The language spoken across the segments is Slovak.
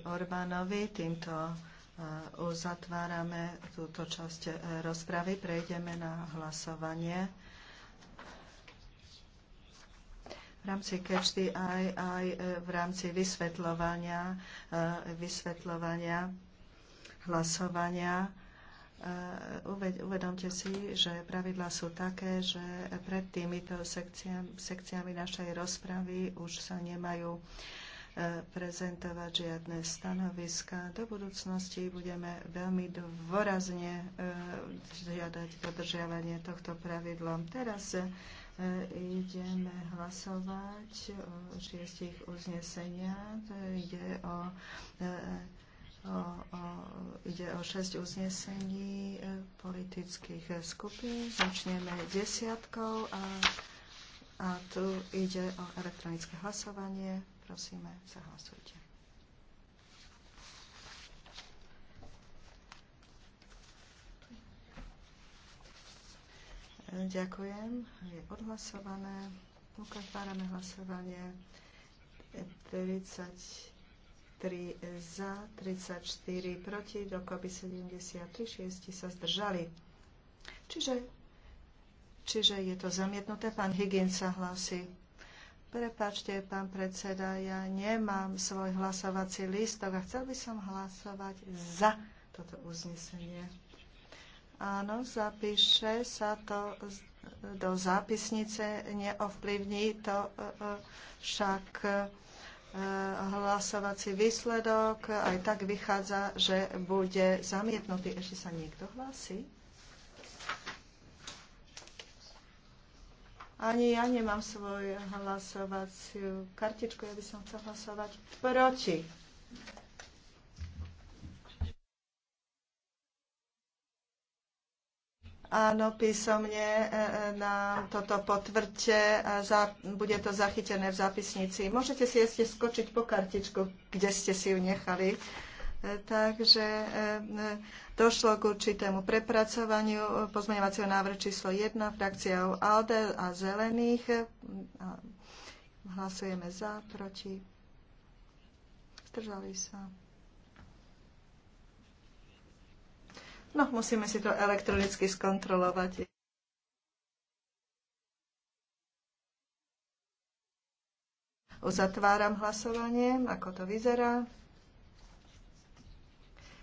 pánovi Orbánovi. Týmto e, uzatvárame túto časť e, rozpravy. Prejdeme na hlasovanie. V rámci kečty aj, aj e, v rámci vysvetľovania, vysvetľovania hlasovania uvedomte si, že pravidlá sú také, že pred týmito sekciami, sekciami našej rozpravy už sa nemajú E, prezentovať žiadne stanoviska. Do budúcnosti budeme veľmi dôrazne e, žiadať podržiavanie tohto pravidla. Teraz e, ideme hlasovať o šiestich uzneseniach. Ide o O, o, ide o šesť uznesení politických skupín. Začneme desiatkou a a tu ide o elektronické hlasovanie. Prosíme, zahlasujte. Ďakujem. Je odhlasované. Ukatvárame hlasovanie. 33 za, 34 proti, dokoby 73, 6 sa zdržali. Čiže Čiže je to zamietnuté. Pán Hygien sa hlási. Prepačte, pán predseda, ja nemám svoj hlasovací lístok a chcel by som hlasovať za toto uznesenie. Áno, zapíše sa to do zápisnice, neovplyvní to e, e, však e, hlasovací výsledok. Aj tak vychádza, že bude zamietnutý. Ešte sa niekto hlási? Ani ja nemám svoju hlasovaciu kartičku, ja by som chcel hlasovať proti. Áno, písomne e, e, na toto potvrďte a bude to zachytené v zápisnici. Môžete si ešte skočiť po kartičku, kde ste si ju nechali. Takže eh, došlo k určitému prepracovaniu eh, pozmeňovacieho návrhu číslo 1 frakciou ALDE a zelených. Eh, hlasujeme za, proti. Zdržali sa. No, musíme si to elektronicky skontrolovať. Uzatváram hlasovanie, ako to vyzerá.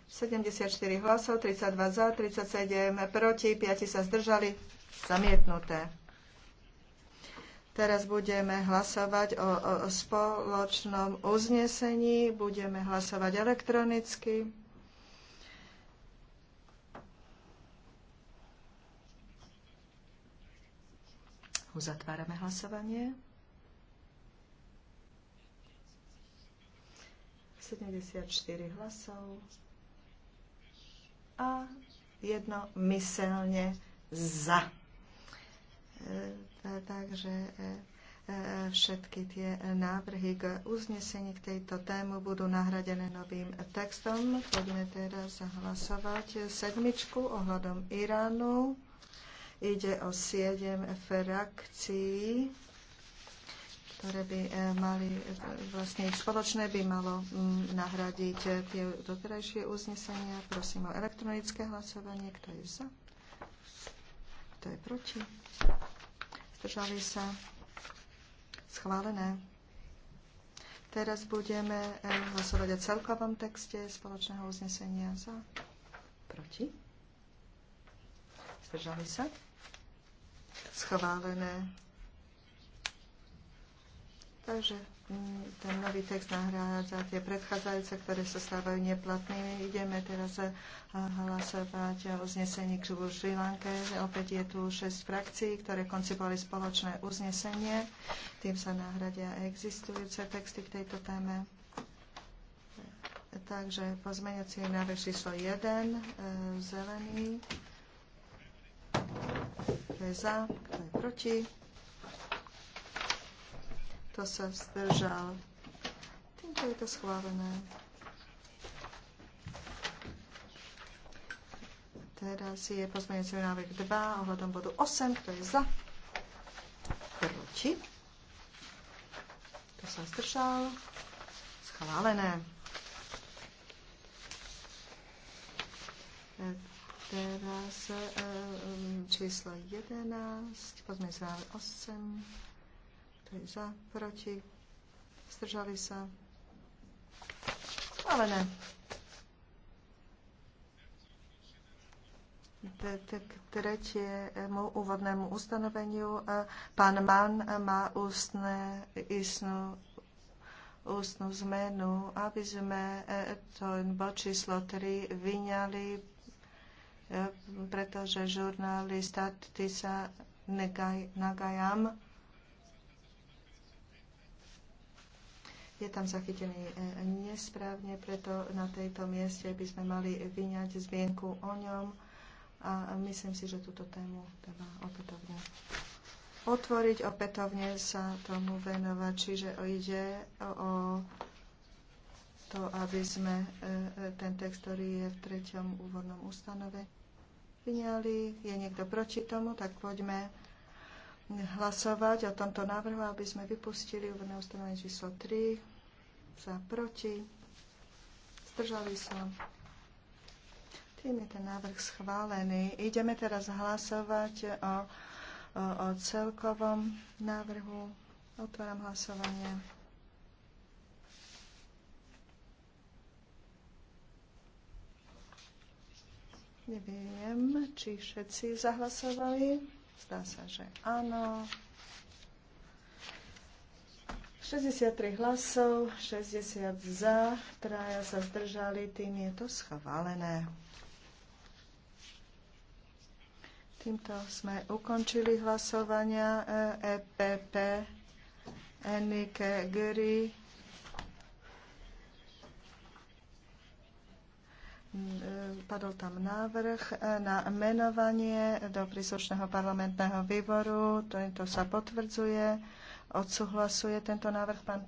74 hlasov, 32 za, 37 proti, 5 sa zdržali, zamietnuté. Teraz budeme hlasovať o, o, o spoločnom uznesení, budeme hlasovať elektronicky. Uzatvárame hlasovanie. 74 hlasov a jednomyselne za. E, takže e, e, všetky tie návrhy k uznesení k tejto tému budú nahradené novým textom. Poďme teraz hlasovať sedmičku ohľadom Iránu. Ide o siedem frakcií ktoré by e, mali vlastne ich spoločné, by malo mm, nahradiť e, tie doterajšie uznesenia. Prosím o elektronické hlasovanie. Kto je za? Kto je proti? Zdržali sa? Schválené. Teraz budeme e, hlasovať o celkovom texte spoločného uznesenia za. Proti? Zdržali sa? Schválené. Takže mm, ten nový text nahrádza tie predchádzajúce, ktoré sa stávajú neplatnými. Ideme teraz eh, hlasovať o uznesení k Šri Lanke. Opäť je tu 6 frakcií, ktoré koncipovali spoločné uznesenie. Tým sa nahradia existujúce texty k tejto téme. Takže pozmeňací návrh číslo 1, eh, zelený. Kto je za, kto je proti? Kto sa zdržal? Týmto je to schválené. Teraz je pozmeňujúci návrh 2 ohľadom bodu 8. Kto je za? Proti? Kto sa zdržal? Schválené. E, teraz e, e, číslo 11, pozmeňujúci návrh 8. Kto je za? Proti? Zdržali sa? Ale ne. k tretiemu úvodnému ustanoveniu. Pán Mann má ústne, istnú, ústnu zmenu, aby sme e, to bod číslo 3 vyňali, e, pretože žurnalista Tisa Nagajam je tam zachytený e, nesprávne, preto na tejto mieste by sme mali vyňať zmienku o ňom a myslím si, že túto tému treba opätovne otvoriť, opätovne sa tomu venovať, čiže ide o to, aby sme e, e, ten text, ktorý je v treťom úvodnom ustanove, vyňali. Je niekto proti tomu, tak poďme hlasovať o tomto návrhu, aby sme vypustili úvodné ustanovenie číslo 3 za proti. Zdržali sa. Tým je ten návrh schválený. Ideme teraz hlasovať o, o, o celkovom návrhu. Otváram hlasovanie. Neviem, či všetci zahlasovali. Zdá sa, že áno. 63 hlasov, 60 za, traja sa zdržali, tým je to schválené. Týmto sme ukončili hlasovania EPP eh, e Enike Gry padol tam návrh e, na menovanie do príslušného parlamentného výboru. Tento sa potvrdzuje, odsúhlasuje tento návrh pán